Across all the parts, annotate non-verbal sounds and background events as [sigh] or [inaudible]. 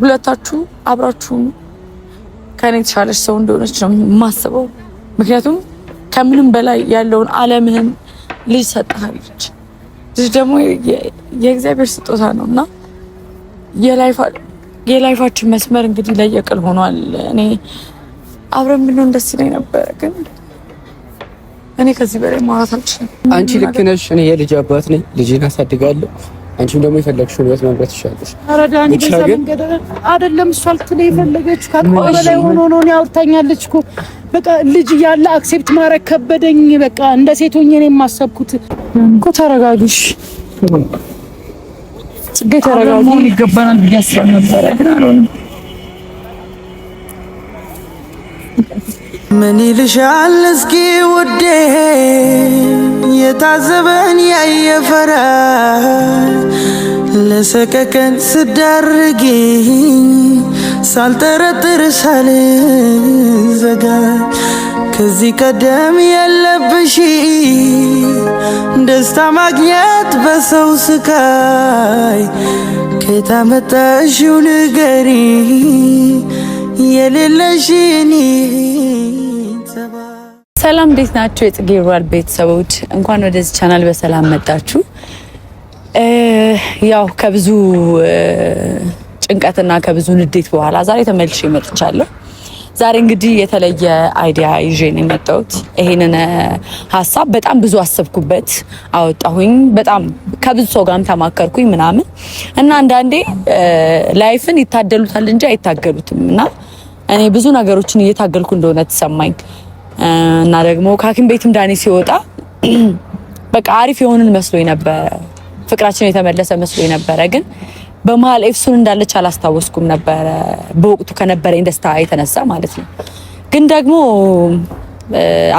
ሁለታችሁ አብራችሁን ከኔ የተሻለች ሰው እንደሆነች ነው የማስበው። ምክንያቱም ከምንም በላይ ያለውን ዓለምህን ልጅ ሰጥሃለች። ልጅ ደግሞ የእግዚአብሔር ስጦታ ነው እና የላይፋችን መስመር እንግዲህ ለየቅል ሆኗል። እኔ አብረን ብንሆን ደስ ይለኝ ነበረ፣ ግን እኔ ከዚህ በላይ ማውራት አልችልም። አንቺ ልክ ነሽ። እኔ የልጅ አባት ነኝ። ልጅን አሳድጋለሁ። አንቺም ደግሞ የፈለግሽው ህይወት መምረት ይሻልሽ። ኧረ ዳኒ በዛ መንገድ አይደለም። እሷ ልትል የፈለገች ከአቅሟ በላይ ሆኖ ነው። እኔ አውርታኛለች እኮ በቃ ልጅ እያለ አክሴፕት ማድረግ ከበደኝ። በቃ እንደ ሴት ሆኜ ነው የማሰብኩት እኮ። ተረጋግሽ ጽጌ፣ ተረጋጊ። መሆን ይገባናል ብዬሽ አስቤ ነበረ ግን አልሆነም። ምን ይልሻል እስኪ ውዴ የታዘበን ያየ ለሰቀቀን ስዳርጊኝ ሳልጠረጥር ሳልዘጋ ከዚህ ቀደም የለብሽ ደስታ ማግኘት በሰው ስቃይ ከየት አመጣሽው ንገሪ የሌለሽን ሰላም፣ እንዴት ናቸው የጽጌ ሮያል ቤተሰቦች? እንኳን ወደዚህ ቻናል በሰላም መጣችሁ። ያው ከብዙ ጭንቀትና ከብዙ ንዴት በኋላ ዛሬ ተመልሼ መጥቻለሁ። ዛሬ እንግዲህ የተለየ አይዲያ ይዤ ነው የመጣሁት። ይሄንን ሀሳብ በጣም ብዙ አሰብኩበት፣ አወጣሁኝ። በጣም ከብዙ ሰው ጋርም ተማከርኩኝ ምናምን እና አንዳንዴ ላይፍን ይታደሉታል እንጂ አይታገሉትም እና እኔ ብዙ ነገሮችን እየታገልኩ እንደሆነ ተሰማኝ እና ደግሞ ከሐኪም ቤትም ዳኒ ሲወጣ [clears throat] በቃ አሪፍ የሆንን መስሎኝ ነበረ። ፍቅራችን የተመለሰ መስሎኝ ነበረ። ግን በመሀል ኤፍሱን እንዳለች አላስታወስኩም ነበረ በወቅቱ ከነበረኝ ደስታ የተነሳ ማለት ነው። ግን ደግሞ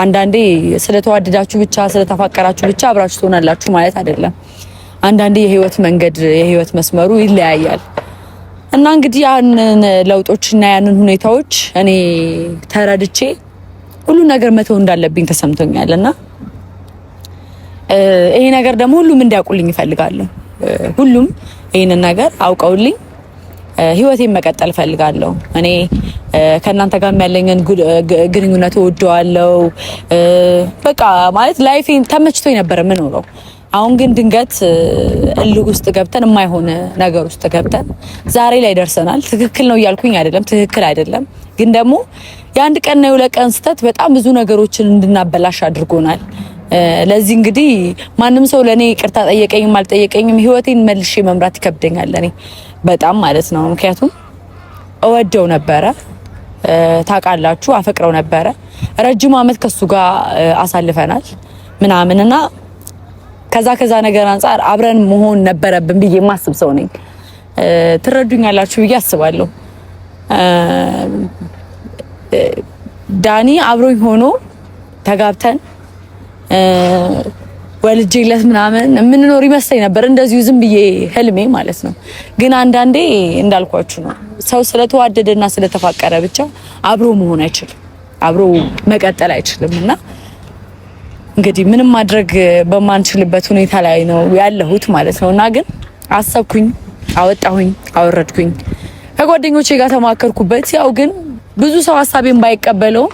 አንዳንዴ ስለተዋደዳችሁ ብቻ ስለተፋቀራችሁ ብቻ አብራችሁ ትሆናላችሁ ማለት አይደለም። አንዳንዴ የህይወት መንገድ የህይወት መስመሩ ይለያያል። እና እንግዲህ ያንን ለውጦችና ያንን ሁኔታዎች እኔ ተረድቼ ሁሉ ነገር መተው እንዳለብኝ ተሰምቶኛል እና ይሄ ነገር ደግሞ ሁሉም እንዲያውቁልኝ እፈልጋለሁ። ሁሉም ይህንን ነገር አውቀውልኝ ህይወቴን መቀጠል እፈልጋለሁ። እኔ ከእናንተ ጋር ያለኝን ግንኙነት ወደዋለው በቃ ማለት ላይፌን ተመችቶ የነበረ ምን አሁን ግን ድንገት እልህ ውስጥ ገብተን የማይሆነ ነገር ውስጥ ገብተን ዛሬ ላይ ደርሰናል። ትክክል ነው እያልኩኝ አይደለም፣ ትክክል አይደለም። ግን ደግሞ የአንድ ቀን ነው የሁለት ቀን ስህተት በጣም ብዙ ነገሮችን እንድናበላሽ አድርጎናል። ለዚህ እንግዲህ ማንም ሰው ለኔ ቅርታ ጠየቀኝም አልጠየቀኝም ህይወቴን መልሼ መምራት ይከብደኛል፣ ለእኔ በጣም ማለት ነው። ምክንያቱም እወደው ነበረ ታውቃላችሁ፣ አፈቅረው ነበረ። ረጅም አመት ከሱ ጋር አሳልፈናል ምናምንና ከዛ ከዛ ነገር አንጻር አብረን መሆን ነበረብን ብዬ የማስብ ሰው ነኝ። ትረዱኛላችሁ ብዬ አስባለሁ። ዳኒ አብሮኝ ሆኖ ተጋብተን ወልጄለት ምናምን የምንኖር ይመስለኝ ነበር እንደዚሁ ዝም ብዬ ህልሜ ማለት ነው። ግን አንዳንዴ እንዳልኳችሁ ነው፣ ሰው ስለተዋደደና ስለተፋቀረ ብቻ አብሮ መሆን አይችልም፣ አብሮ መቀጠል አይችልም እና እንግዲህ ምንም ማድረግ በማንችልበት ሁኔታ ላይ ነው ያለሁት ማለት ነው እና ግን አሰብኩኝ፣ አወጣሁኝ፣ አወረድኩኝ ከጓደኞቼ ጋር ተማከርኩበት። ያው ግን ብዙ ሰው ሀሳቤን ባይቀበለውም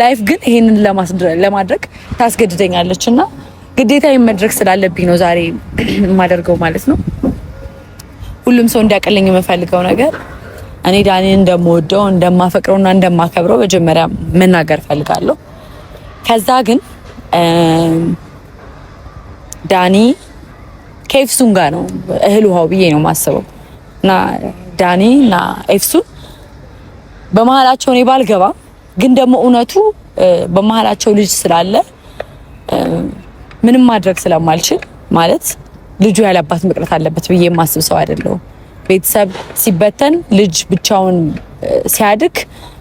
ላይፍ ግን ይሄንን ለማድረግ ታስገድደኛለች እና ግዴታ መድረግ ስላለብኝ ነው ዛሬ [clears throat] የማደርገው ማለት ነው። ሁሉም ሰው እንዲያቀለኝ የምፈልገው ነገር እኔ ዳኔን እንደምወደው እንደማፈቅረውና እንደማከብረው መጀመሪያ መናገር ፈልጋለሁ። ከዛ ግን ዳኒ ከኤፍሱን ጋር ነው እህል ውሃው ብዬ ነው የማስበው። እና ዳኒ እና ኤፍሱን በመሀላቸው እኔ ባልገባ ግን ደግሞ እውነቱ በመሀላቸው ልጅ ስላለ ምንም ማድረግ ስለማልችል ማለት ልጁ ያለባት መቅረት አለበት ብዬ የማስብ ሰው አይደለሁም። ቤተሰብ ሲበተን ልጅ ብቻውን ሲያድግ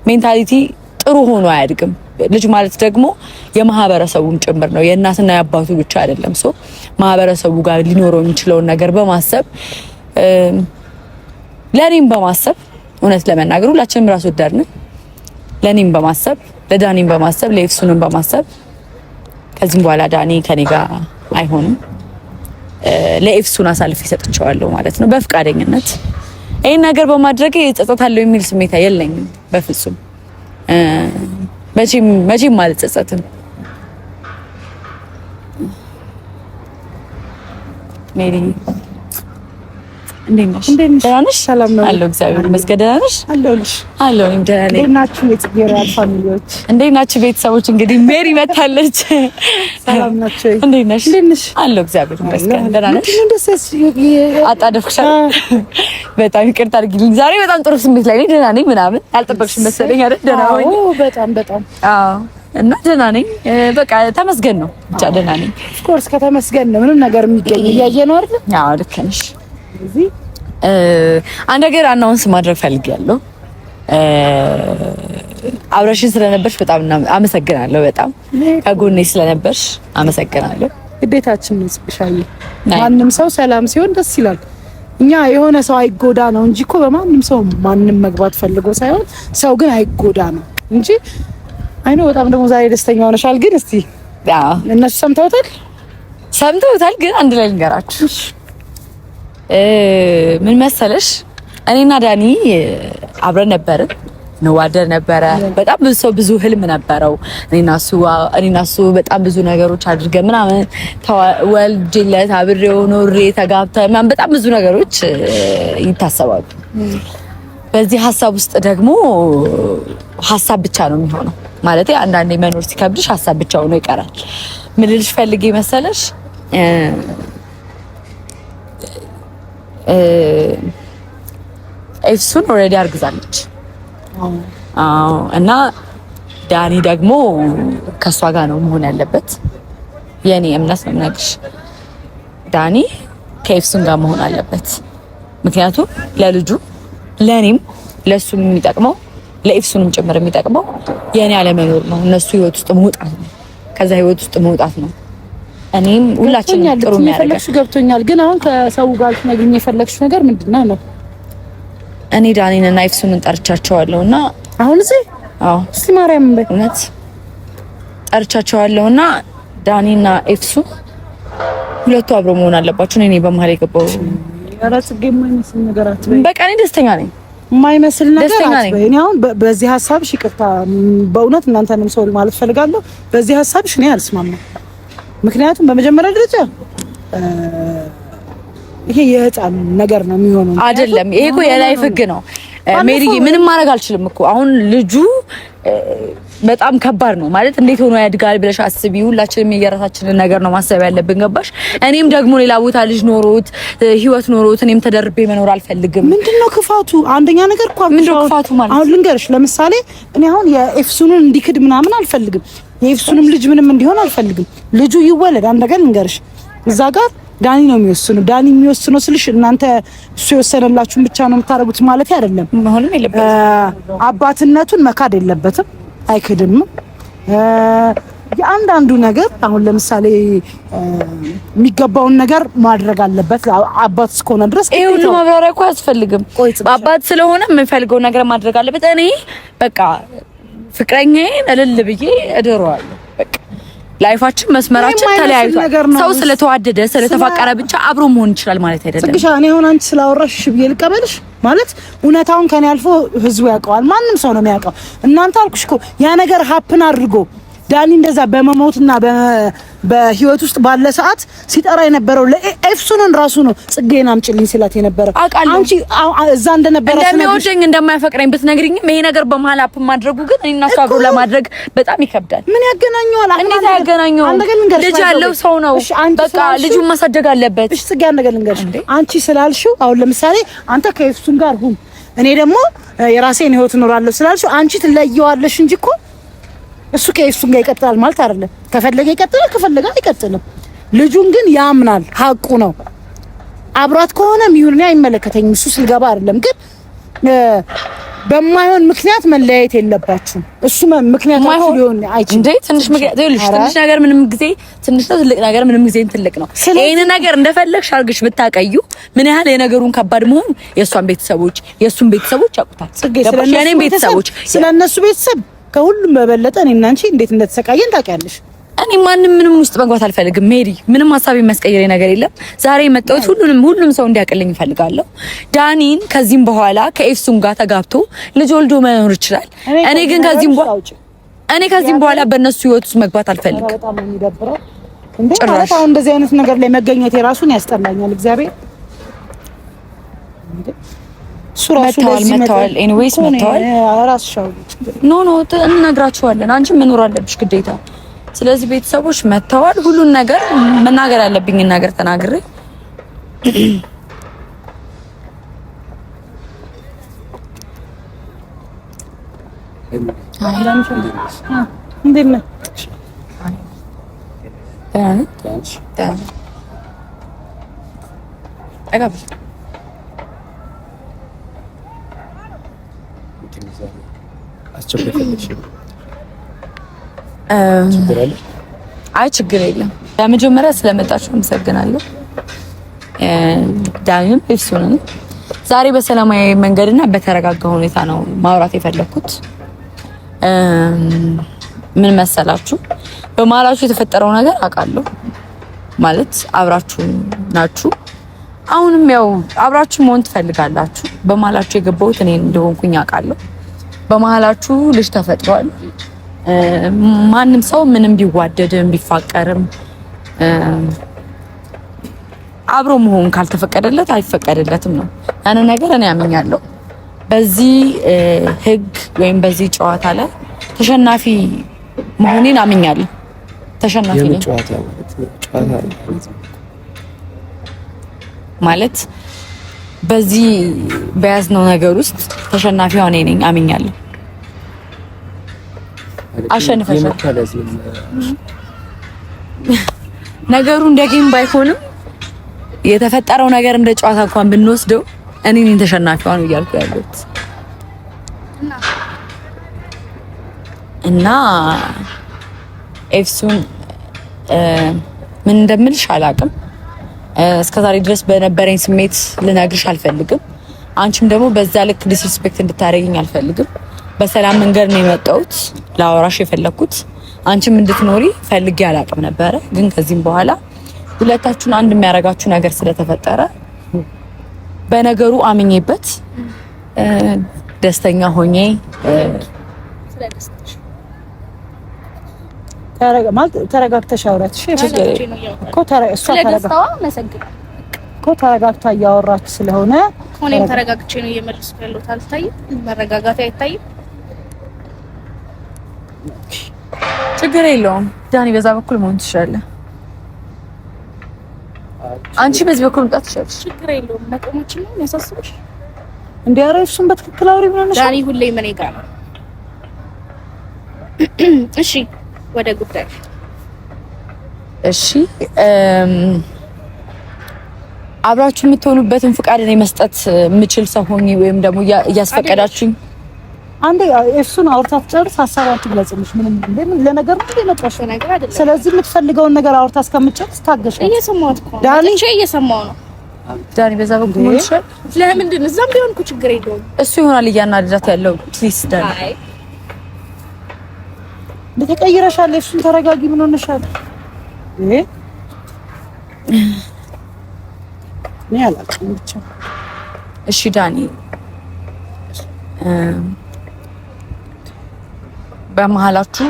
ሜንታሊቲ ጥሩ ሆኖ አያድግም። ልጅ ማለት ደግሞ የማህበረሰቡም ጭምር ነው፣ የእናትና የአባቱ ብቻ አይደለም። ሶ ማህበረሰቡ ጋር ሊኖረው የሚችለውን ነገር በማሰብ ለእኔም በማሰብ እውነት ለመናገር ሁላችንም ራስ ወዳድ ነን። ለእኔም በማሰብ ለዳኒም በማሰብ ለኤፍሱንም በማሰብ ከዚህም በኋላ ዳኒ ከኔ ጋር አይሆንም ለኤፍሱን አሳልፍ ይሰጥቸዋለሁ ማለት ነው በፍቃደኝነት። ይህን ነገር በማድረግ ጸጸት አለው የሚል ስሜት የለኝም በፍጹም። መቼም አልጸጸትም። ሜሪ እንዴት ሰላም ነው አለው። እግዚአብሔር ናችሁ ቤተሰቦች? እንግዲህ ሜሪ መታለች። ሰላም ናችሁ? በጣም ይቅርታ አድርጊልኝ። ዛሬ በጣም ጥሩ ስሜት ላይ ነኝ። ደህና ነኝ ምናምን አልጠበቅሽም መሰለኝ አይደል? ደህና ወይ? በጣም በጣም አዎ እና ደህና ነኝ። በቃ ተመስገን ነው ብቻ ደህና ነኝ። ኦፍ ኮርስ ከተመስገን ነው ምንም ነገር የሚገኝ እያየ ነው አይደል? አዎ ልክ ነሽ። አንድ ነገር አናውንስ ማድረግ ፈልጊያለሁ። አብረሽን ስለነበርሽ በጣም አመሰግናለሁ። በጣም ከጎኔ ስለነበርሽ አመሰግናለሁ። ግዴታችን ነው። ስፔሻሊ ማንም ሰው ሰላም ሲሆን ደስ ይላል። እኛ የሆነ ሰው አይጎዳ ነው እንጂ እኮ በማንም ሰው ማንም መግባት ፈልጎ ሳይሆን ሰው ግን አይጎዳ ነው እንጂ አይኖ በጣም ደግሞ ዛሬ ደስተኛ ሆነሻል። ግን እስቲ እነሱ ሰምተውታል ሰምተውታል። ግን አንድ ላይ ልንገራችሁ ምን መሰለሽ እኔና ዳኒ አብረን ነበርን እንዋደር ነበረ። በጣም ብዙ ሰው ብዙ ህልም ነበረው። እኔና እሱ በጣም ብዙ ነገሮች አድርገን ምናምን ወልጅለት አብሬው ኖሬ ተጋብተ ምናምን በጣም ብዙ ነገሮች ይታሰባሉ። በዚህ ሀሳብ ውስጥ ደግሞ ሀሳብ ብቻ ነው የሚሆነው። ማለት አንዳንዴ መኖር ሲከብድሽ ሀሳብ ብቻ ሆኖ ይቀራል። ምን ልልሽ ፈልጌ መሰለሽ ኤፍሱን ኦልሬዲ አርግዛለች እና ዳኒ ደግሞ ከእሷ ጋር ነው መሆን ያለበት። የኔ እምነት ነው የምነግርሽ። ዳኒ ከኤፍሱን ጋር መሆን አለበት። ምክንያቱም ለልጁ ለእኔም ለእሱም የሚጠቅመው ለኤፍሱንም ጭምር የሚጠቅመው የእኔ አለመኖር ነው። እነሱ ህይወት ውስጥ መውጣት ነው። ከዛ ህይወት ውስጥ መውጣት ነው። እኔም ሁላችንም ጥሩ የሚያደርገን ገብቶኛል። ግን አሁን ከሰው ጋር ትነግሪኝ የፈለግሽው ነገር ምንድን ነው? እኔ ዳኒን እና ኤፍሱንን ጠርቻቸዋለሁ እና አሁን እዚህ አዎ፣ እስቲ ማርያም በእውነት ጠርቻቸዋለሁ እና ዳኒና ኤፍሱን ሁለቱ አብሮ መሆን አለባችሁ። እኔ በመሀል የገባው በቃ እኔ ደስተኛ ነኝ። የማይመስል ነገር እኔ አሁን በዚህ ሀሳብሽ ይቅርታ፣ በእውነት እናንተንም ሰው ማለት ፈልጋለሁ። በዚህ ሀሳብሽ እኔ አልስማማም። ምክንያቱም በመጀመሪያ ደረጃ ይሄ የህፃን ነገር ነው የሚሆነው። አይደለም ይሄ እኮ የላይፍ ህግ ነው ሜሪ፣ ምንም ማድረግ አልችልም እኮ አሁን ልጁ በጣም ከባድ ነው ማለት እንዴት ሆኖ ያድጋል ብለሽ አስቢ። ሁላችንም የየራሳችንን ነገር ነው ማሰብ ያለብን። ገባሽ? እኔም ደግሞ ሌላ ቦታ ልጅ ኖሮት ህይወት ኖሮት እኔም ተደርቤ መኖር አልፈልግም። ምንድነው ክፋቱ? አንደኛ ነገር እኮ ምንድነው ክፋቱ ማለት አሁን ልንገርሽ፣ ለምሳሌ እኔ አሁን የኤፍሱንን እንዲክድ ምናምን አልፈልግም። የኤፍሱንም ልጅ ምንም እንዲሆን አልፈልግም። ልጁ ይወለድ። አንድ ነገር ልንገርሽ፣ እዛ ጋር ዳኒ ነው የሚወስነው። ዳኒ የሚወስነው ስልሽ እናንተ እሱ የወሰነላችሁን ብቻ ነው የምታደርጉት ማለት አይደለም። አባትነቱን መካድ የለበትም አይክድም። የአንዳንዱ ነገር አሁን ለምሳሌ የሚገባውን ነገር ማድረግ አለበት። አባት እስከሆነ ድረስ ይሄ ማብራሪያ እኮ አያስፈልግም። አባት ስለሆነ የምንፈልገው ነገር ማድረግ አለበት። እኔ በቃ ፍቅረኛዬን እልል ብዬ እድረዋለሁ። ላይፋችን መስመራችን ተለያይቷል። ሰው ስለተዋደደ ስለተፋቀረ ብቻ አብሮ መሆን ይችላል ማለት አይደለም። ጽግሻ እኔ አሁን አንቺ ስላወራሽ ብዬ ልቀበልሽ ማለት እውነታውን ከኔ አልፎ ህዝቡ ያውቀዋል። ማንም ሰው ነው የሚያውቀው። እናንተ አልኩሽ እኮ ያ ነገር ሀፕን አድርጎ ዳኒ እንደዛ በመሞትና በህይወት ውስጥ ባለ ሰዓት ሲጠራ የነበረው ለኤፍሱንን ራሱ ነው። ጽጌን አምጪልኝ የነበረው የነበረ አንቺ እዛ እንደነበረ እንደሚወደኝ እንደማያፈቅረኝ ብትነግሪኝም ይሄ ነገር በመሀል አፕ ማድረጉ ግን እኔና እሷ አብሮ ለማድረግ በጣም ይከብዳል። ምን ያገናኘዋል? እንዴት ያገናኘዋል? ልጅ ያለው ሰው ነው። በቃ ልጁን ማሳደግ አለበት። እሺ ጽጌ፣ አንድ ነገር ልንገርሽ። አንቺ ስላልሽው አሁን ለምሳሌ አንተ ከኤፍሱን ጋር ሁን፣ እኔ ደግሞ የራሴን ህይወት እኖራለሁ ስላልሽው አንቺ ትለየዋለሽ እንጂ እኮ እሱ ከእሱም ጋር ይቀጥላል ማለት አይደለም። ከፈለገ ይቀጥላል፣ ከፈለገ አይቀጥልም። ልጁን ግን ያምናል፣ ሀቁ ነው። አብሯት ከሆነ ይሁን አይመለከተኝም፣ እሱ ስልገባ አይደለም። ግን በማይሆን ምክንያት መለያየት የለባችሁም። እሱ ምክንያት ማይሆን ሊሆን አይችልም። ትንሽ ምክንያት ትንሽ ነገር ምንም ጊዜ ትንሽ ነው፣ ትልቅ ነገር ምንም ጊዜ ትልቅ ነው። ይሄን ነገር እንደፈለግሽ አድርግሽ ብታቀዩ ምን ያህል የነገሩን ከባድ መሆን የእሷን ቤተሰቦች የእሱን ቤተሰቦች ያውቁታል። ስለእኔም ቤተሰቦች ስለእነሱ ቤተሰብ ከሁሉም በበለጠ እኔና አንቺ እንዴት እንደተሰቃየን ታውቂያለሽ። እኔ ማንም ምንም ውስጥ መግባት አልፈልግም ሜሪ። ምንም ሀሳብ የሚያስቀይረኝ ነገር የለም። ዛሬ የመጣሁት ሁሉንም ሁሉም ሰው እንዲያቀልኝ እፈልጋለሁ። ዳኒን ከዚህም በኋላ ከኤፍሱም ጋር ተጋብቶ ልጅ ወልዶ መኖር ይችላል። እኔ ግን ከዚህም በኋላ እኔ ከዚህም በኋላ በእነሱ ህይወት ውስጥ መግባት አልፈልግም። ማለት አሁን እንደዚህ አይነት ነገር ላይ መገኘት የራሱን ያስጠላኛል። እግዚአብሔር መተዋል መተዋል ኤኒዌይስ መተዋል። ኖ ኖ እንነግራችኋለን። አንቺ መኖር አለብሽ ግዴታ። ስለዚህ ቤተሰቦች መተዋል። ሁሉን ነገር መናገር ያለብኝ ነገር ተናግሬ አይ [clears throat] [clears throat] ላስቸግር ፈልግሽ? አይ ችግር የለም። ለመጀመሪያ ስለመጣችሁ አመሰግናለሁ። ዳኒም ኤፍሱንም ዛሬ በሰላማዊ መንገድና በተረጋጋ ሁኔታ ነው ማውራት የፈለኩት። ምን መሰላችሁ፣ በመሀላችሁ የተፈጠረው ነገር አውቃለሁ። ማለት አብራችሁ ናችሁ። አሁንም ያው አብራችሁ መሆን ትፈልጋላችሁ። በመሀላችሁ የገባሁት እኔ እንደሆንኩኝ አውቃለሁ። በመሀላችሁ ልጅ ተፈጥሯል። ማንም ሰው ምንም ቢዋደድም ቢፋቀርም አብሮ መሆን ካልተፈቀደለት አይፈቀደለትም ነው። ያንን ነገር እኔ ያምኛለሁ። በዚህ ህግ ወይም በዚህ ጨዋታ ላይ ተሸናፊ መሆኔን አምኛለሁ። ተሸናፊ ነኝ ማለት በዚህ በያዝነው ነገር ውስጥ ተሸናፊ ሆነ ነኝ አምኛለሁ። አሸንፈሻል። ነገሩ እንደ ጌም ባይሆንም የተፈጠረው ነገር እንደ ጨዋታ እንኳን ብንወስደው እኔ ነኝ ተሸናፊዋን እያልኩ ያለሁት እና ኤፍሱን ምን እንደምልሽ አላውቅም። እስከዛሬ ድረስ በነበረኝ ስሜት ልነግርሽ አልፈልግም። አንቺም ደግሞ በዛ ልክ ዲስሪስፔክት እንድታደርግኝ አልፈልግም። በሰላም መንገድ ነው የመጣሁት ለአወራሽ የፈለግኩት። አንቺም እንድትኖሪ ፈልጌ አላቅም ነበረ፣ ግን ከዚህም በኋላ ሁለታችሁን አንድ የሚያደርጋችሁ ነገር ስለተፈጠረ በነገሩ አምኜበት ደስተኛ ሆኜ ተረጋግተሽ አውራት እሺ። ችግር እኮ እሷ እኮ ተረጋግታ እያወራች ስለሆነ እኔም ተረጋግቼ ነው እየመለስኩ ያለሁት። አልታይም፣ መረጋጋት አይታይም። ችግር የለውም ዳኒ፣ በዛ በኩል መሆን ትችላለህ። አንቺ በዚህ በኩል መምጣት ትችላለሽ። ችግር የለውም። መቆማችን ነው የሚያሳስብሽ? እንደ ኧረ እሱን በትክክል አውሪ። ምን ሆነሽ ዳኒ? ሁሌ ምን ጋር ነው። እሺ ወደ ጉዳይ እሺ፣ አብራችሁ የምትሆኑበትን ፍቃድ እኔ መስጠት የምችል ሰው ሆኜ ወይም ደግሞ እያስፈቀዳችሁኝ አንዴ እሱን አውርታት ጨርስ፣ ሀሳቧን ትግለጽልሽ። ምንም እንደምን ለነገር እንደ መጣሽ ነገር አይደለም። ስለዚህ የምትፈልገውን ነገር አውርታ እስከምትጨርስ ታገሽ። እየሰማሁት እኮ ዳኒ፣ እየሰማሁ ነው ዳኒ። በዛ በኩል ለምንድን እዛም ቢሆን እኮ ችግር የለውም እሱ ይሆናል እያናደዳት ያለው ፕሊስ ዳኒ ተቀይረሻል። እሱን ተረጋጊ። ምን ሆነሻል? እኔ አላውቅም ብቻ። እሺ ዳኒ፣ በመሀላችሁ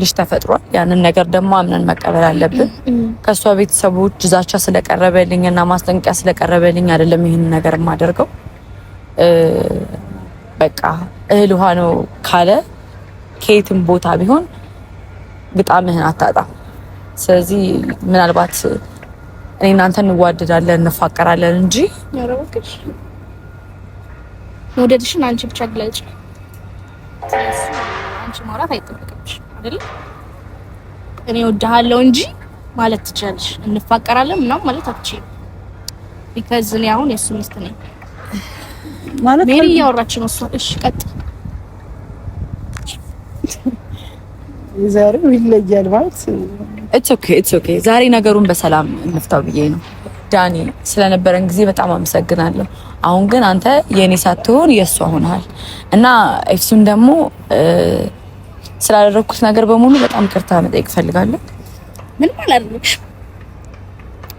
ልጅ ተፈጥሯል። ያንን ነገር ደግሞ አምነን መቀበል አለብን። ከእሷ ቤተሰቦች ዛቻ ስለቀረበልኝ እና ማስጠንቀቂያ ስለቀረበልኝ አይደለም ይህን ነገር የማደርገው። በቃ እህል ውሃ ነው ካለ ከየትም ቦታ ቢሆን ግጣምህን አታጣም። ስለዚህ ምናልባት እኔ እናንተ እንዋደዳለን እንፋቀራለን እንጂ መውደድሽን አንቺ ብቻ ግለጭ። አንቺ ማውራት አይጠበቅብሽ አይደል? እኔ እወድሃለሁ እንጂ ማለት ትችላለሽ። እንፋቀራለን ምናምን ማለት አትችይም። ቢካዝ እኔ አሁን የእሱ ሚስት ነኝ ማለት ሜሪ እያወራች ነው እሺ ቀጥ የዛሬው ይለያል ማለት ኢትስ ኦኬ ኢትስ ኦኬ። ዛሬ ነገሩን በሰላም እንፍታው ብዬ ነው። ዳኒ ስለነበረን ጊዜ በጣም አመሰግናለሁ። አሁን ግን አንተ የኔ ሳትሆን የእሷ ሆነሃል እና ኤፍሱን ደግሞ ስላደረኩት ነገር በሙሉ በጣም ቅርታ መጠየቅ እፈልጋለሁ። ምን ማለት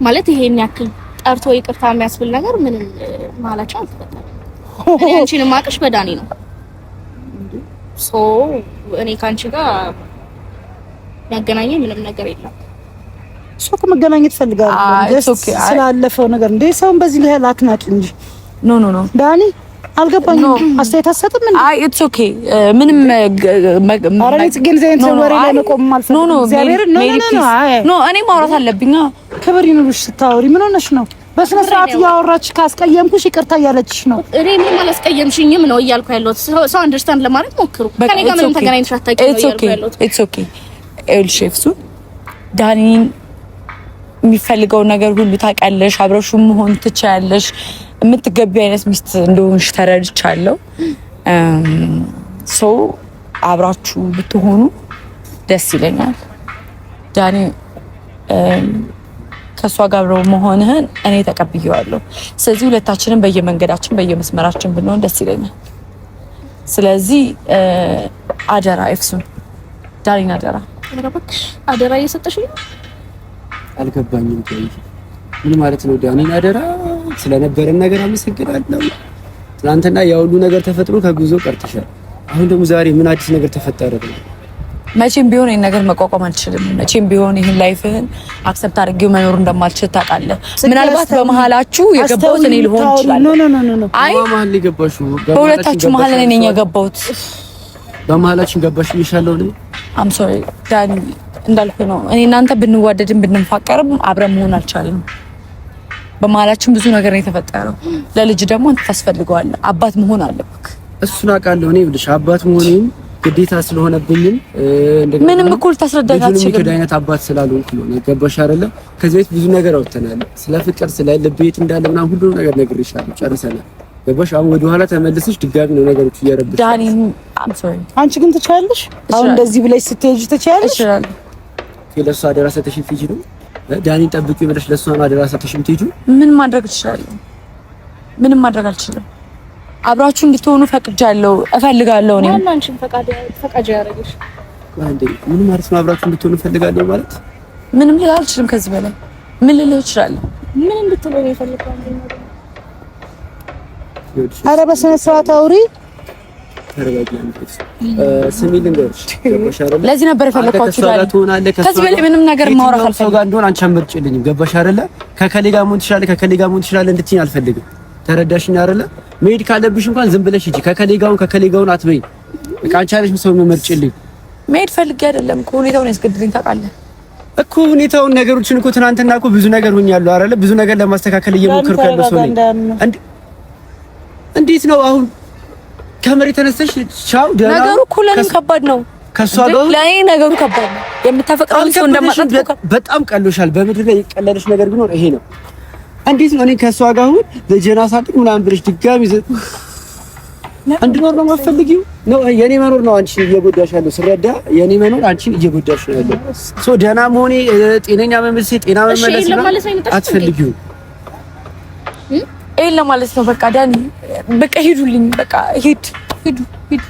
ማለት ይሄን ያክል ጠርቶ ይቅርታ የሚያስብል ነገር ምን ማለት ነው? እኔ አንቺን ማቅሽ በዳኒ ነው ሶ እኔ ከአንቺ ጋር ያገናኘ ምንም ነገር የለም። እሱ እኮ መገናኘት ፈልጋለሁ ስላለፈው ነገር እንደ ሰውን በዚህ ላይ አትናቂ እንጂ ኖ ኖ ኖ ዳኒ አልገባኝም። አስተያየት አትሰጥም እንዴ? አይ ኢትስ ኦኬ። ምንም ላይ መቆም ማለት ነው። ኖ ኖ ኖ ኖ ኖ እኔ ማውራት አለብኝ። ክብር ይኑርሽ። ስታወሪ ምን ሆነሽ ነው? በስነ ስርዓት እያወራች ካስቀየምኩሽ ይቅርታ እያለችሽ ነው። እኔ ምንም አላስቀየምሽኝም ነው እያልኩ ያለሁት። ሰው አንደርስታንድ ለማድረግ ሞክሩ። ከኔ ጋር ምንም ተገናኝተሽ አታውቂም ነው እያልኩ ያለሁት። ኢትስ ኦኬ ኤል ሼፍሱ ዳኒን የሚፈልገው ነገር ሁሉ ታውቂያለሽ፣ አብረሹ መሆን ትችያለሽ፣ የምትገቢ አይነት ሚስት እንደሆንሽ ተረድቻለሁ። ሰው አብራችሁ ብትሆኑ ደስ ይለኛል። ዳኒ ከእሷ ጋር አብረው መሆንህን እኔ ተቀብየዋለሁ። ስለዚህ ሁለታችንም በየመንገዳችን በየመስመራችን ብንሆን ደስ ይለኛል። ስለዚህ አደራ ኤፍሱን ዳኒን አደራ አደራ እየሰጠሽ አልገባኝም። ቆይ ምን ማለት ነው? ዳኒን አደራ ስለነበረን ነገር አመሰግናለሁ። ትናንትና ያ ሁሉ ነገር ተፈጥሮ ከጉዞ ቀርተሻል። አሁን ደግሞ ዛሬ ምን አዲስ ነገር ተፈጠረ? መቼም ቢሆን ይህን ነገር መቋቋም አልችልም። መቼም ቢሆን ይህን ላይፍህን አክሰፕት አድርጌው መኖር እንደማልችል ታውቃለህ። ምናልባት በመሀላችሁ የገባሁት እኔ ልሆን ይችላል። አይ በሁለታችሁ መሀል እኔ ነኝ የገባሁት በመሀላችን ገባሽ ይሻለው ነው። አም ሶሪ ዳኒ፣ እንዳልኩ ነው እኔ እናንተ ብንዋደድም ብንፋቀርም አብረን መሆን አልቻልንም። በመሀላችን ብዙ ነገር ነው የተፈጠረው። ለልጅ ደግሞ አንተ ታስፈልገዋለህ፣ አባት መሆን አለብክ። እሱን አውቃለሁ። እኔ ብልሽ አባት መሆኔም ግዴታ ስለሆነብኝም ምንም እኮ ልታስረዳት አትችልም። ከዚህ አይነት አባት ስላልሆንኩ ነው ገባሽ አይደለ? ከዚህ ቤት ብዙ ነገር አውጥተናል። ስለ ፍቅር፣ ስለ ልቤት እንዳለ ምናምን ሁሉ ነገር ነግሬሻለሁ፣ ጨርሰናል ገባሽ? አሁን ወደ ኋላ ተመልሰሽ ድጋሚ ነው ነገሮች እያረብሽ። ዳኒ አም ሶሪ። አንቺ ግን ትችያለሽ። አሁን እንደዚህ ብለሽ ስትሄጂ ትችያለሽ። እችላለሁ። ለእሷ አደራ ሰተሽም ትሄጂ ነው ዳኒን ጠብቂው ብለሽ ለእሷ አደራ ሰተሽም ትሄጂ። ምን ማድረግ እችላለሁ? ምንም ማድረግ አልችልም። አብራችሁ እንድትሆኑ ፈቅጃለሁ፣ እፈልጋለሁ። እኔ ማን አንቺን ፈቃድ ፈቃጅ ያደረገሽ አንዴ ምን ማለት ነው? አብራችሁ እንድትሆኑ እፈልጋለሁ ማለት ምንም ልል አልችልም። ከዚህ በላይ ምን ልልህ እችላለሁ? ምን እንድትሆኑ ነው የፈለከው? ኧረ በስነ ስርዓት አውሪ። ስሚ ልንገርሽ፣ ለዚህ ነበር የፈለኳችሁ። ከዚህ በላይ ምንም ነገር ማውራት አልፈልግም። ሰው ጋር እንደሆነ አንቺ አምርጭልኝም። ገባሽ አይደለ? ከከሌ ጋር መሆን ትችላለህ፣ ከከሌ ጋር መሆን ትችላለህ እንድትይኝ አልፈልግም። ተረዳሽኝ አይደለ? መሄድ ካለብሽ እንኳን ዝም ብለሽ ሂጂ። ከከሌ ጋውን ከከሌ ጋውን አትበይኝ። በቃ አንቺ አለሽ ሰው መመርጭልኝ። መሄድ ፈልጌ አይደለም እኮ ሁኔታውን ያስገድደኝ ታውቃለህ እኮ ሁኔታውን ነገሮችን እኮ ትናንትና እኮ ብዙ ነገር ሆኛለሁ አይደለ? ብዙ ነገር ለማስተካከል እየሞከርኩ ያለው ሰው ነኝ። እንዴት ነው አሁን ከመሬት ተነስተሽ ቻው ደህና ነገሩ እኮ ለእኔም ከባድ ነው። ከሷ ጋር ለእኔ ነገሩ ከባድ ነው። የምታፈቅረውን ሰው እንደማጣት በጣም ቀሎሻል። በምድር ላይ የቀለለሽ ነገር ቢኖር ይሄ ነው። እንዴት ነው እኔ ከሷ ጋር አሁን በጀና ሳጥቅ ምናምን ብለሽ ድጋሚ እንድኖር ነው የማትፈልጊው? ነው የኔ መኖር ነው አንቺን እየጎዳሽ ያለው ስረዳ፣ የኔ መኖር አንቺን እየጎዳሽ ያለው። ሶ ደህና መሆኔ ጤነኛ መመለሴ ጤና መመለስ አትፈልጊው ይሄን ለማለት ነው። በቃ ዳኒ በቃ ሂዱልኝ። በቃ ሂድ ሂዱ ሂዱ።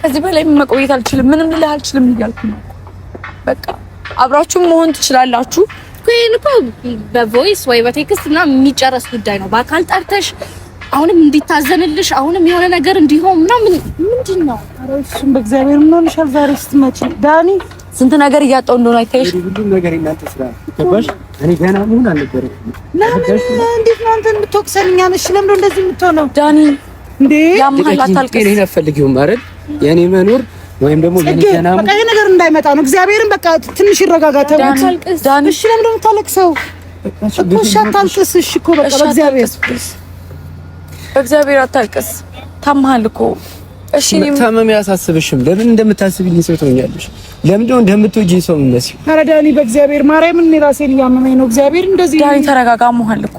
ከዚህ በላይ መቆየት አልችልም፣ ምንም ልልህ አልችልም እያልኩ ነው። በቃ አብራችሁም መሆን ትችላላችሁ። ይሄን እኮ በቮይስ ወይ በቴክስት ምናምን የሚጨረስ ጉዳይ ነው። በአካል ጠርተሽ አሁንም እንዲታዘንልሽ አሁንም የሆነ ነገር እንዲሆን ምናምን ምንድን ነው? ኧረ እሱም በእግዚአብሔር ምን ሆነሻል ዛሬ ስትመጪ ዳኒ ስንት ነገር እያጣው እንደሆነ አይታይሽ? ሁሉም ነገር እናንተ ስራ ገባሽ። እኔ ገና መሆን አልነበረም። ለምን እንዴት ነው አንተ የምትወቅሰልኛ ነሽ? ለምን እንደዚህ የምትሆነው ዳኒ? እንዴ ያምሃል፣ አታልቅስ። እኔ አትፈልጊውም አይደል? የኔ መኖር ወይም ደግሞ የኔ ገና በቃ ይሄ ነገር እንዳይመጣ ነው። እግዚአብሔርን በቃ ትንሽ ይረጋጋ ተውት። እሺ ለምን ደግሞ እኮ? እሺ አታልቅስ። እሺ እኮ በቃ በእግዚአብሔር በእግዚአብሔር አታልቅስ። ታምሃል እኮ ታመም ያሳስብሽም ለምን እንደምታስብልኝ ሰው ትሆኛለሽ? ለምን ነው እንደምትወጂኝ ሰው የምመስይው? ኧረ ዳኒ በእግዚአብሔር ማርያም፣ እኔ ራሴን እያመመኝ ነው። እግዚአብሔር እንደዚህ ዳኒ ተረጋጋ። መሀል እኮ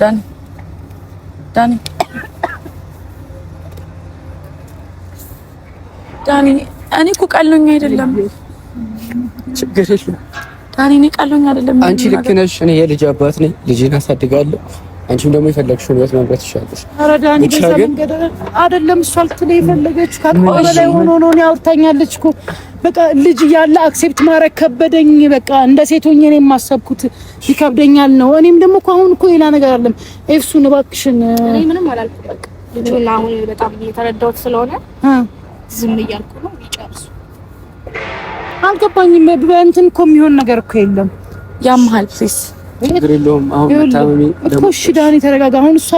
ዳኒ ዳኒ ዳኒ፣ እኔ እኮ ቀሎኝ አይደለም። ችግር የለም ዳኒ፣ እኔ ቀሎኝ አይደለም። አንቺ ልክ ነሽ። እኔ የልጅ አባት ነኝ። ልጄን አሳድጋለሁ አንቺም ደግሞ የፈለግሽውን ህይወት መምረት ይሻልሽ። ኧረ ዳኒ በዛ መንገድ አይደለም። እሷ ልትል የፈለገችው ከአቅሟ በላይ ሆኖ ነው። እኔ አውርታኛለች እኮ በቃ ልጅ እያለ አክሴፕት ማድረግ ከበደኝ። በቃ እንደ ሴት ሆኜ እኔ የማሰብኩት ይከብደኛል ነው። እኔም ደግሞ እኮ አሁን እኮ ሌላ ነገር አለም። ኤፍሱን እባክሽን፣ እኔ ምንም አላልኩም። በቃ ልጁን አሁን በጣም እየተረዳሁት ስለሆነ ዝም እያልኩ ነው። ይጨርሱ። አልገባኝም። በእንትን እኮ የሚሆን ነገር እኮ የለም። ያምሃል ፕሊስ ችግር የለውም። አሁን መታመሜ እኮ እሺ፣ ዳኒ ተረጋጋ። አሁን እሷ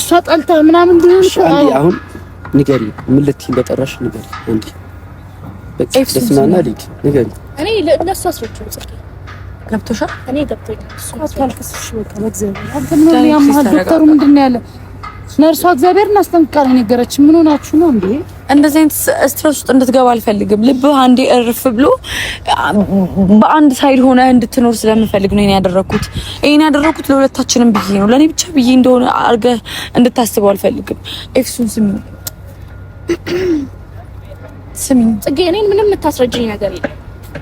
እሷ ጠልታ ምናምን ቢሆን እኮ አሁን ንገሪ፣ ምን ልትይ እንደጠራሽ ንገሪ። አንዴ በቃ ደስማና ልጅ ንገሪ። እኔ ለእነሱ አስረችው ጽድቅ ገብቶሻል። እኔ ገብቶኛል። እሱ አታልቅስ፣ በቃ በእግዚአብሔር አንተ ምን ያማህ ዶክተሩ ምንድን ነው ያለ ነርሷ እግዚአብሔርን አስጠንቅቃ የነገረች ምን ሆናችሁ ነው እንዴ? እንደዚህ አይነት ስትረስ ውስጥ እንድትገባ አልፈልግም። ልብህ አንዴ እርፍ ብሎ በአንድ ሳይድ ሆነ እንድትኖር ስለምፈልግ ነው ያደረኩት። ይሄን ያደረኩት ለሁለታችንም ብዬ ነው። ለእኔ ብቻ ብዬ እንደሆነ አድርገህ እንድታስበው አልፈልግም። ኤፍሱን ስሚ ስሚ፣ ጽጌ እኔን ምንም የምታስረጅኝ ነገር የለም።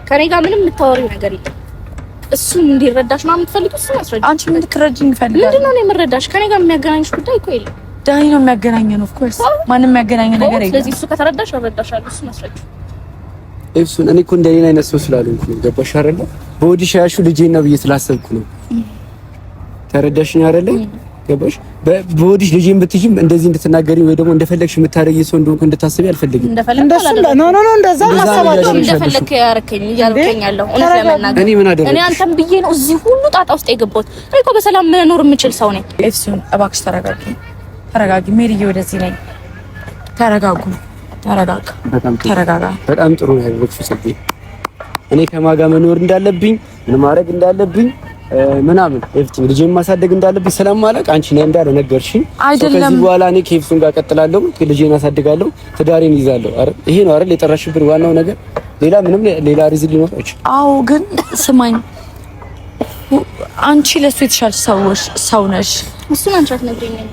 ከኔ ጋር ምንም የምታወሪው ነገር የለም። እሱን እንዲረዳሽ ነው የምትፈልጊው? እሱን አስረጅ። አንቺ ምን ልትረጂኝ ፈልጋለሽ? ምንድን ነው የምረዳሽ? ከኔ ጋር የሚያገናኝሽ ጉዳይ እኮ የለም። ዳኒ ነው የሚያገናኘን። ኦፍ ኮርስ ማንም የሚያገናኘ ነገር የለም። ስለዚህ እሱ ከተረዳሽ እረዳሻለሁ። እሱን አስረጅ። እሱን እኔ እኮ እንደሌላ አይነት ሰው ስላልሆንኩ ነው። ገባሽ አይደለ? በወዲሽ ያሹ ልጄ ነው ብዬ ስላሰብኩ ነው። ተረዳሽኝ አይደለ? ገባሽ? በወዲሽ ልጅ ብትይዥም እንደዚህ እንድትናገሪ ወይ ደግሞ እንደፈለግሽ የምታደርጊ ሰው እንደሆንኩ እንድታስቢ አልፈልግም። እንደሱ ኖ ኖ ኖ እንደዛ ማሰባቸው እንደፈለግክ ያረከኝ እያልከኝ እኔ ምን አደረኩ? እኔ አንተም ብዬ ነው እዚህ ሁሉ ጣጣ ውስጥ የገባሁት። እኔ እኮ በሰላም መኖር የምችል ሰው ነኝ። ኤፍሲውን እባክሽ ተረጋጊ፣ ተረጋጊ። ሜሪዬ ወደዚህ ነኝ። ተረጋጉ፣ ተረጋጋ፣ ተረጋጋ። በጣም ጥሩ ነው ያደረግሽው ጽጌ። እኔ ከማጋ መኖር እንዳለብኝ ምን ማድረግ እንዳለብኝ ምናምን ኤቭሪቲንግ ልጄን ማሳደግ እንዳለብኝ ስለማላውቅ አንቺ ነ እንዳለ ነገርሽኝ። ከዚህ በኋላ እኔ ኬፍሱን ጋር ቀጥላለሁ፣ ልጄን አሳድጋለሁ፣ ትዳሬን ይዛለሁ። አረ ይሄ ነው አይደል የጠራሽብን ዋናው ነገር። ሌላ ምንም ሌላ ሪዝ ሊኖር አይችልም። አዎ ግን ስማኝ፣ አንቺ ለሱ የተሻለ ሰዎች ሰው ነሽ። እሱን አንቺ አትነግሪኝም።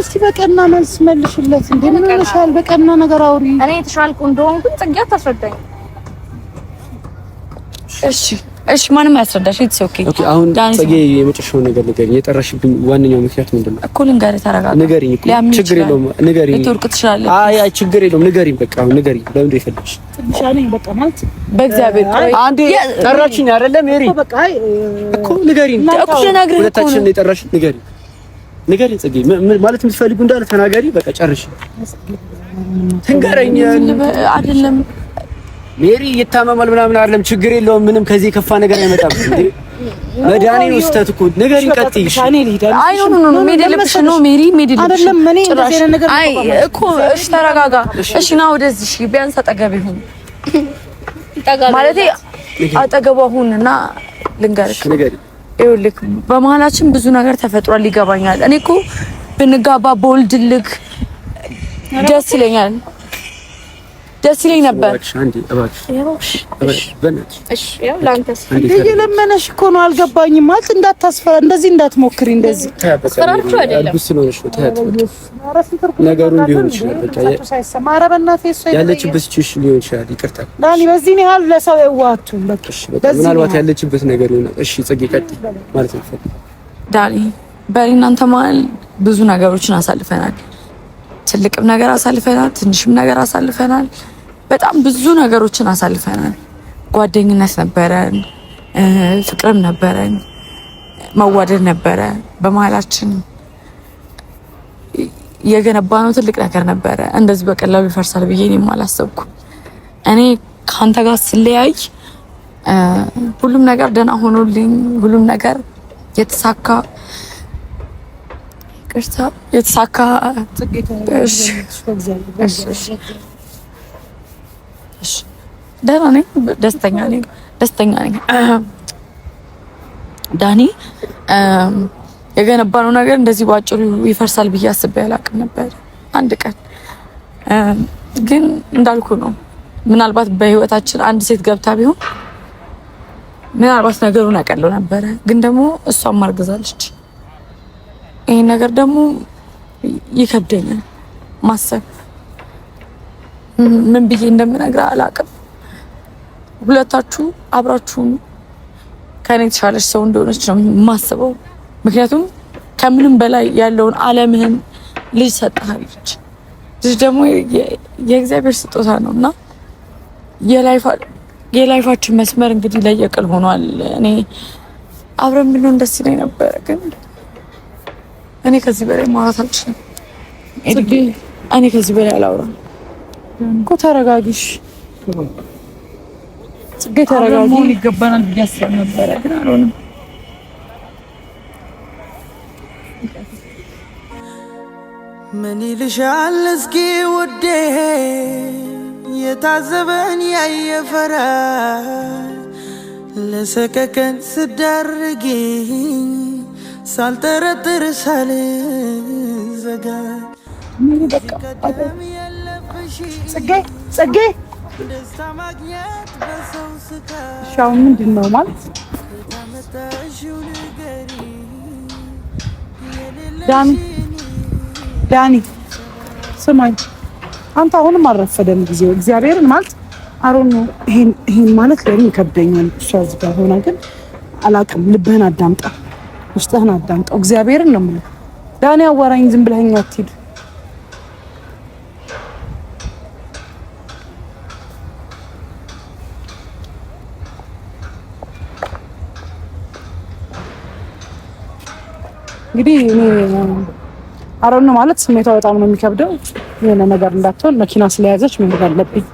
እስቲ በቀና መልስ መልሽለት። እንዴ ምን ሆነሻል? በቀና ነገር አውሪ። እኔ የተሻልኩ እንደሆንኩኝ ጽጌ አታስረዳኝ። እሺ እሺ ማንም አያስረዳሽ። ኢትስ ኦኬ ኦኬ። አሁን ጸጌ የመጨረሻው ነገር ንገሪኝ። የጠራሽብኝ ዋነኛው ምክንያት ምንድነው ነው? እኮ ልንገርህ፣ ተረጋጋ፣ ንገሪኝ። እኮ ችግር የለውም ንገሪኝ። ልትወርቅ ትችላለህ። አይ አይ፣ ችግር የለውም ንገሪኝ። በቃ አሁን ንገሪኝ። ለምን እንደፈለግሽ ትንሻለኝ። በቃ ማለት በእግዚአብሔር ቆይ፣ አንዴ ጠራችኝ አይደለ ሜሪ? በቃ አይ እኮ ንገሪኝ። እኮ ልነግርህ፣ ሁለታችን ነው የጠራሽኝ። ንገሪኝ፣ ንገሪኝ ጽጌ፣ ማለት የምትፈልጉ እንዳለ ተናገሪ። በቃ ጨርሽ፣ ትንገረኝ። አይደለም ሜሪ ይታመማል ምናምን አይደለም፣ ችግር የለውም ምንም ከዚህ የከፋ ነገር አይመጣም። መድኃኒ ውስጠት እኮ ነገር ይቀጥይሽ። አይ ኖ ኖ ኖ ነው ሜሪ አይ እኮ ተረጋጋ። እሺ ና ቢያንስ አጠገብ ይሁን ማለቴ አጠገቧ ልንገርሽ፣ ይኸውልህ በመሀላችን ብዙ ነገር ተፈጥሯል። ይገባኛል። እኔ እኮ ብንጋባ በወልድልክ ደስ ይለኛል። ደስ ይለኝ ነበር። እየለመነሽ እኮ ነው። አልገባኝም ማለት እንዳታስፈራ፣ እንደዚህ እንዳትሞክሪ፣ እንደዚህ ይችላል። በዚህ ያህል ለሰው ምናልባት ያለችበት ነገር እሺ ማለት ነው ዳኒ። በእናንተ እናንተ መሀል ብዙ ነገሮችን አሳልፈናል። ትልቅም ነገር አሳልፈናል፣ ትንሽም ነገር አሳልፈናል። በጣም ብዙ ነገሮችን አሳልፈናል። ጓደኝነት ነበረን፣ ፍቅርም ነበረን፣ መዋደድ ነበረ። በመሀላችን ነው ትልቅ ነገር ነበረ። እንደዚህ በቀላሉ ይፈርሳል ብዬ እኔም አላሰብኩም። እኔ ከአንተ ጋር ስለያይ ሁሉም ነገር ደህና ሆኖልኝ ሁሉም ነገር የተሳካ ቅርታ የተሳካ ደህና ነኝ። ደስተኛ ነኝ። ደስተኛ ነኝ። ዳኒ የገነባነው ነገር እንደዚህ በአጭሩ ይፈርሳል ብዬ አስቤ አላውቅም ነበር። አንድ ቀን ግን እንዳልኩ ነው። ምናልባት በህይወታችን አንድ ሴት ገብታ ቢሆን ምናልባት ነገሩን አቀለው ነበረ። ግን ደግሞ እሷም አርግዛለች። ይሄ ነገር ደግሞ ይከብደኛል ማሰብ። ምን ብዬ እንደምነግር አላውቅም። ሁለታችሁ አብራችሁን ከኔ የተሻለች ሰው እንደሆነች ነው የማስበው። ምክንያቱም ከምንም በላይ ያለውን ዓለምህን ልጅ ሰጥሃለች። ልጅ ደግሞ የእግዚአብሔር ስጦታ ነው እና የላይፋችን መስመር እንግዲህ ለየቅል ሆኗል። እኔ አብረን ብንሆን ደስ ይለኝ ነበረ ግን እኔ ከዚህ በላይ ማውራት አልችልም። እኔ ከዚህ በላይ አላውራም እኮ። ተረጋጊሽ ጽጌ፣ ተረጋጊ። ምን ይገባናል ብዬ አስብ ነበረ ግን አልሆነም። ምን ይልሻል እስኪ ውዴ፣ የታዘበን ያየፈራ ፈራ ለሰቀቀን ስዳርጊኝ ሳልጠረጥር ሳልዘጋ ጽጌ ሻው ምንድን ነው ማለት ዳኒ ዳኒ ስማኝ አንተ አሁንም አልረፈደም ጊዜው እግዚአብሔርን ማለት አሮኑ ይሄን ማለት ለእኔ ከብደኛል እሷ እዚህ ጋር ሆና ግን አላውቅም ልብህን አዳምጣ ውስጥህን አዳምጠው። እግዚአብሔርን ነው የምልህ ዳኔ አዋራኝ። ዝም ብለኸኝ አትሂድ። እንግዲህ እኔ አሮን ማለት ስሜቷ በጣም ነው የሚከብደው። የሆነ ነገር እንዳትሆን መኪና ስለያዘች መንገድ አለብኝ።